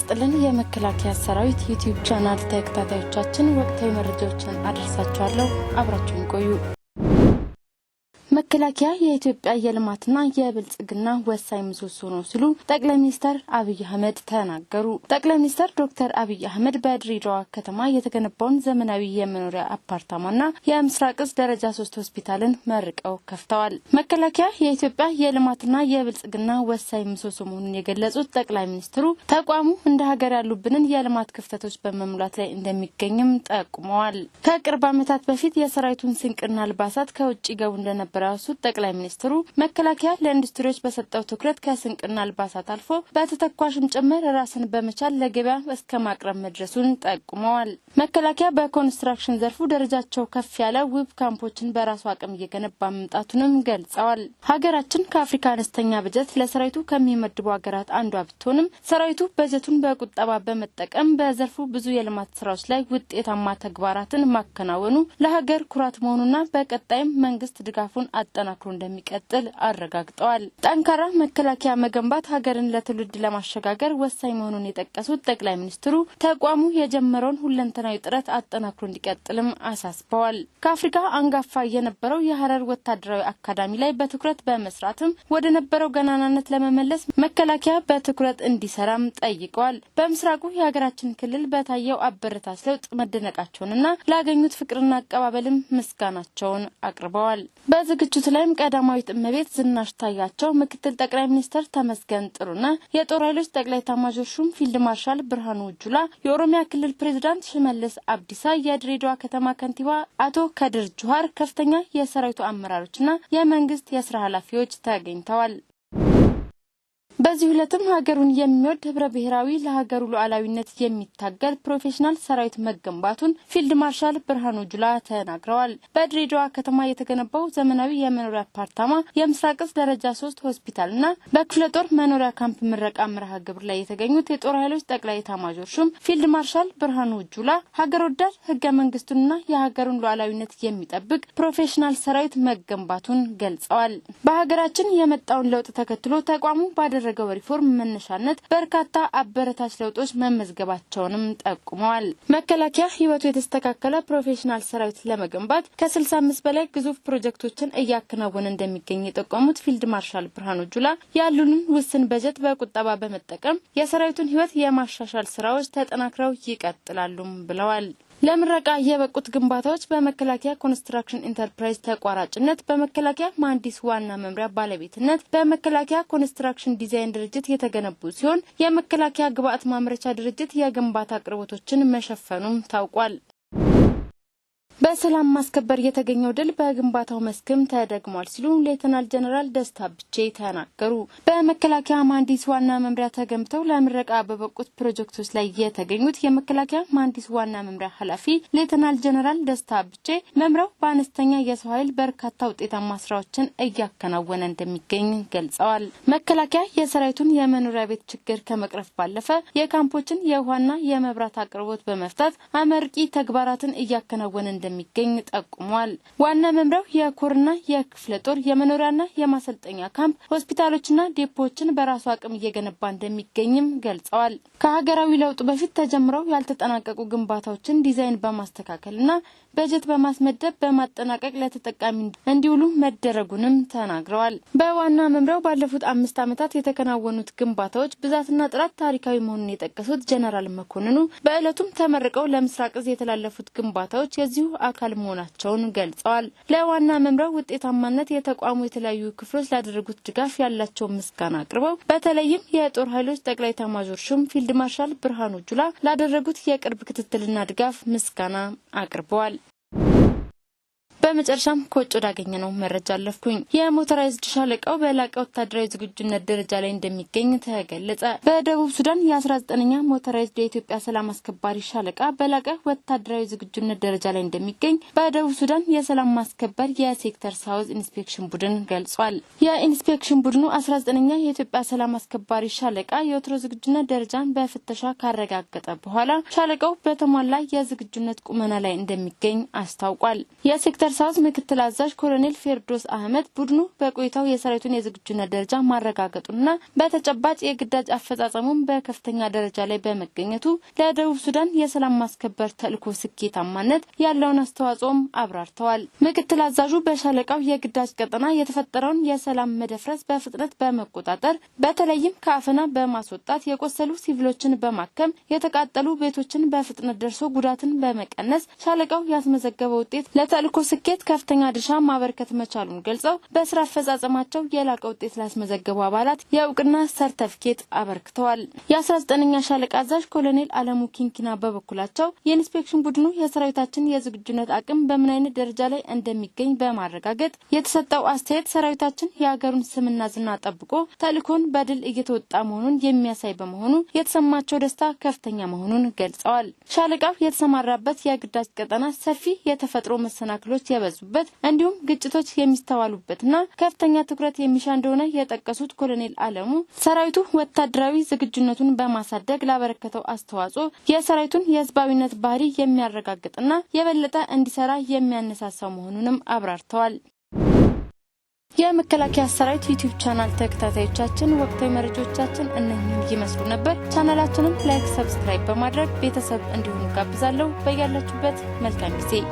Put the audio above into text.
ይስጥልን። የመከላከያ ሰራዊት ዩቲዩብ ቻናል ተከታታዮቻችን ወቅታዊ መረጃዎችን አደርሳችኋለሁ። አብራችሁን ቆዩ። መከላከያ የኢትዮጵያ የልማትና የብልጽግና ወሳኝ ምሰሶ ነው ሲሉ ጠቅላይ ሚኒስትር አብይ አህመድ ተናገሩ። ጠቅላይ ሚኒስትር ዶክተር አብይ አህመድ በድሬዳዋ ከተማ የተገነባውን ዘመናዊ የመኖሪያ አፓርታማና የምስራቅ እዝ ደረጃ ሶስት ሆስፒታልን መርቀው ከፍተዋል። መከላከያ የኢትዮጵያ የልማትና የብልጽግና ወሳኝ ምሰሶ መሆኑን የገለጹት ጠቅላይ ሚኒስትሩ ተቋሙ እንደ ሀገር ያሉብንን የልማት ክፍተቶች በመሙላት ላይ እንደሚገኝም ጠቁመዋል። ከቅርብ ዓመታት በፊት የሰራዊቱን ስንቅና አልባሳት ከውጭ ገቡ እንደነበረ ያነሱት ጠቅላይ ሚኒስትሩ መከላከያ ለኢንዱስትሪዎች በሰጠው ትኩረት ከስንቅና አልባሳት አልፎ በተተኳሽም ጭምር ራስን በመቻል ለገበያ እስከ ማቅረብ መድረሱን ጠቁመዋል። መከላከያ በኮንስትራክሽን ዘርፉ ደረጃቸው ከፍ ያለ ውብ ካምፖችን በራሱ አቅም እየገነባ መምጣቱንም ገልጸዋል። ሀገራችን ከአፍሪካ አነስተኛ በጀት ለሰራዊቱ ከሚመድቡ ሀገራት አንዷ ብትሆንም ሰራዊቱ በጀቱን በቁጠባ በመጠቀም በዘርፉ ብዙ የልማት ስራዎች ላይ ውጤታማ ተግባራትን ማከናወኑ ለሀገር ኩራት መሆኑና በቀጣይም መንግስት ድጋፉን አ። ተጠናክሮ እንደሚቀጥል አረጋግጠዋል። ጠንካራ መከላከያ መገንባት ሀገርን ለትውልድ ለማሸጋገር ወሳኝ መሆኑን የጠቀሱት ጠቅላይ ሚኒስትሩ ተቋሙ የጀመረውን ሁለንተናዊ ጥረት አጠናክሮ እንዲቀጥልም አሳስበዋል። ከአፍሪካ አንጋፋ የነበረው የሀረር ወታደራዊ አካዳሚ ላይ በትኩረት በመስራትም ወደ ነበረው ገናናነት ለመመለስ መከላከያ በትኩረት እንዲሰራም ጠይቀዋል። በምስራቁ የሀገራችን ክልል በታየው አበረታች ለውጥ መደነቃቸውንና ላገኙት ፍቅርና አቀባበልም ምስጋናቸውን አቅርበዋል። በዝግጅቱ ላይም ቀዳማዊት እመቤት ዝናሽ ታያቸው፣ ምክትል ጠቅላይ ሚኒስትር ተመስገን ጥሩና የጦር ኃይሎች ጠቅላይ ኤታማዦር ሹም ፊልድ ማርሻል ብርሃኑ ጁላ፣ የኦሮሚያ ክልል ፕሬዚዳንት ሽመልስ አብዲሳ፣ የድሬዳዋ ከተማ ከንቲባ አቶ ከድር ጁሃር፣ ከፍተኛ የሰራዊቱ አመራሮችና የመንግስት የስራ ኃላፊዎች ተገኝተዋል። በዚህ ዕለትም ሀገሩን የሚወድ ህብረ ብሔራዊ ለሀገሩ ሉዓላዊነት የሚታገል ፕሮፌሽናል ሰራዊት መገንባቱን ፊልድ ማርሻል ብርሃኑ ጁላ ተናግረዋል። በድሬዳዋ ከተማ የተገነባው ዘመናዊ የመኖሪያ አፓርታማ የምስራቅ ዕዝ ደረጃ ሶስት እና በክፍለ ጦር መኖሪያ ካምፕ ምረቃ መርሃ ግብር ላይ የተገኙት የጦር ኃይሎች ጠቅላይ ኤታማዦር ሹም ፊልድ ማርሻል ብርሃኑ ጁላ ሀገር ወዳድ ህገ መንግስቱንና የሀገሩን ሉዓላዊነት የሚጠብቅ ፕሮፌሽናል ሰራዊት መገንባቱን ገልጸዋል። በሀገራችን የመጣውን ለውጥ ተከትሎ ተቋሙ ባደረገ በተደረገው ሪፎርም መነሻነት በርካታ አበረታች ለውጦች መመዝገባቸውንም ጠቁመዋል። መከላከያ ህይወቱ የተስተካከለ ፕሮፌሽናል ሰራዊት ለመገንባት ከ65 በላይ ግዙፍ ፕሮጀክቶችን እያከናወነ እንደሚገኝ የጠቆሙት ፊልድ ማርሻል ብርሃኑ ጁላ ያሉንን ውስን በጀት በቁጠባ በመጠቀም የሰራዊቱን ህይወት የማሻሻል ስራዎች ተጠናክረው ይቀጥላሉም ብለዋል። ለምረቃ የበቁት ግንባታዎች በመከላከያ ኮንስትራክሽን ኢንተርፕራይዝ ተቋራጭነት በመከላከያ መሀንዲስ ዋና መምሪያ ባለቤትነት በመከላከያ ኮንስትራክሽን ዲዛይን ድርጅት የተገነቡ ሲሆን የመከላከያ ግብዓት ማምረቻ ድርጅት የግንባታ አቅርቦቶችን መሸፈኑም ታውቋል። በሰላም ማስከበር የተገኘው ድል በግንባታው መስክም ተደግሟል ሲሉ ሌተናል ጀነራል ደስታ ብቼ ተናገሩ። በመከላከያ መሀንዲስ ዋና መምሪያ ተገንብተው ለምረቃ በበቁት ፕሮጀክቶች ላይ የተገኙት የመከላከያ መሀንዲስ ዋና መምሪያ ኃላፊ ሌተናል ጀነራል ደስታ ብቼ መምሪያው በአነስተኛ የሰው ኃይል በርካታ ውጤታማ ስራዎችን እያከናወነ እንደሚገኝ ገልጸዋል። መከላከያ የሰራዊቱን የመኖሪያ ቤት ችግር ከመቅረፍ ባለፈ የካምፖችን የውሃና የመብራት አቅርቦት በመፍታት አመርቂ ተግባራትን እያከናወነ እንደሚ እንደሚገኝ ጠቁሟል። ዋና መምሪያው የኮርና የክፍለ ጦር የመኖሪያና የማሰልጠኛ ካምፕ ሆስፒታሎችና ዴፖዎችን በራሱ አቅም እየገነባ እንደሚገኝም ገልጸዋል። ከሀገራዊ ለውጡ በፊት ተጀምረው ያልተጠናቀቁ ግንባታዎችን ዲዛይን በማስተካከልና በጀት በማስመደብ በማጠናቀቅ ለተጠቃሚ እንዲውሉ መደረጉንም ተናግረዋል። በዋና መምሪያው ባለፉት አምስት ዓመታት የተከናወኑት ግንባታዎች ብዛትና ጥራት ታሪካዊ መሆኑን የጠቀሱት ጀነራል መኮንኑ በዕለቱም ተመርቀው ለምስራቅ እዝ የተላለፉት ግንባታዎች የዚሁ አካል መሆናቸውን ገልጸዋል። ለዋና መምሪያው ውጤታማነት የተቋሙ የተለያዩ ክፍሎች ላደረጉት ድጋፍ ያላቸውን ምስጋና አቅርበው በተለይም የጦር ኃይሎች ጠቅላይ ኤታማዦር ሹም ፊልድ ማርሻል ብርሃኑ ጁላ ላደረጉት የቅርብ ክትትልና ድጋፍ ምስጋና አቅርበዋል። በመጨረሻም ከውጭ ወዳገኘ ነው መረጃ አለፍኩኝ። የሞተራይዝድ ሻለቃው በላቀ ወታደራዊ ዝግጁነት ደረጃ ላይ እንደሚገኝ ተገለጸ። በደቡብ ሱዳን የ19ኛ ሞተራይዝድ የኢትዮጵያ ሰላም አስከባሪ ሻለቃ በላቀ ወታደራዊ ዝግጁነት ደረጃ ላይ እንደሚገኝ በደቡብ ሱዳን የሰላም ማስከበር የሴክተር ሳውዝ ኢንስፔክሽን ቡድን ገልጿል። የኢንስፔክሽን ቡድኑ 19ኛ የኢትዮጵያ ሰላም አስከባሪ ሻለቃ የወትሮ ዝግጁነት ደረጃን በፍተሻ ካረጋገጠ በኋላ ሻለቃው በተሟላ የዝግጁነት ቁመና ላይ እንደሚገኝ አስታውቋል። የሴክተር የእርሳስ ምክትል አዛዥ ኮሎኔል ፌርዶስ አህመድ ቡድኑ በቆይታው የሰራዊቱን የዝግጁነት ደረጃ ማረጋገጡና በተጨባጭ የግዳጅ አፈጻጸሙን በከፍተኛ ደረጃ ላይ በመገኘቱ ለደቡብ ሱዳን የሰላም ማስከበር ተልዕኮ ስኬታማነት ያለውን አስተዋጽኦም አብራርተዋል። ምክትል አዛዡ በሻለቃው የግዳጅ ቀጠና የተፈጠረውን የሰላም መደፍረስ በፍጥነት በመቆጣጠር በተለይም ከአፈና በማስወጣት የቆሰሉ ሲቪሎችን በማከም የተቃጠሉ ቤቶችን በፍጥነት ደርሶ ጉዳትን በመቀነስ ሻለቃው ያስመዘገበ ውጤት ስ ስኬት ከፍተኛ ድርሻ ማበርከት መቻሉን ገልጸው በስራ አፈጻጸማቸው የላቀ ውጤት ላስመዘገቡ አባላት የእውቅና ሰርተፍኬት አበርክተዋል። የ19ኛ ሻለቃ አዛዥ ኮሎኔል አለሙ ኪንኪና በበኩላቸው የኢንስፔክሽን ቡድኑ የሰራዊታችን የዝግጁነት አቅም በምን አይነት ደረጃ ላይ እንደሚገኝ በማረጋገጥ የተሰጠው አስተያየት ሰራዊታችን የሀገሩን ስምና ዝና ጠብቆ ተልእኮን በድል እየተወጣ መሆኑን የሚያሳይ በመሆኑ የተሰማቸው ደስታ ከፍተኛ መሆኑን ገልጸዋል። ሻለቃው የተሰማራበት የግዳጅ ቀጠና ሰፊ የተፈጥሮ መሰናክሎች የበዙበት እንዲሁም ግጭቶች የሚስተዋሉበትና ከፍተኛ ትኩረት የሚሻ እንደሆነ የጠቀሱት ኮሎኔል አለሙ ሰራዊቱ ወታደራዊ ዝግጁነቱን በማሳደግ ላበረከተው አስተዋጽኦ የሰራዊቱን የህዝባዊነት ባህሪ የሚያረጋግጥና የበለጠ እንዲሰራ የሚያነሳሳው መሆኑንም አብራርተዋል። የመከላከያ ሰራዊት ዩቲዩብ ቻናል ተከታታዮቻችን ወቅታዊ መረጃዎቻችን እነኝህን ይመስሉ ነበር። ቻናላችንን ላይክ፣ ሰብስክራይብ በማድረግ ቤተሰብ እንዲሆኑ ጋብዛለሁ። በያላችሁበት መልካም ጊዜ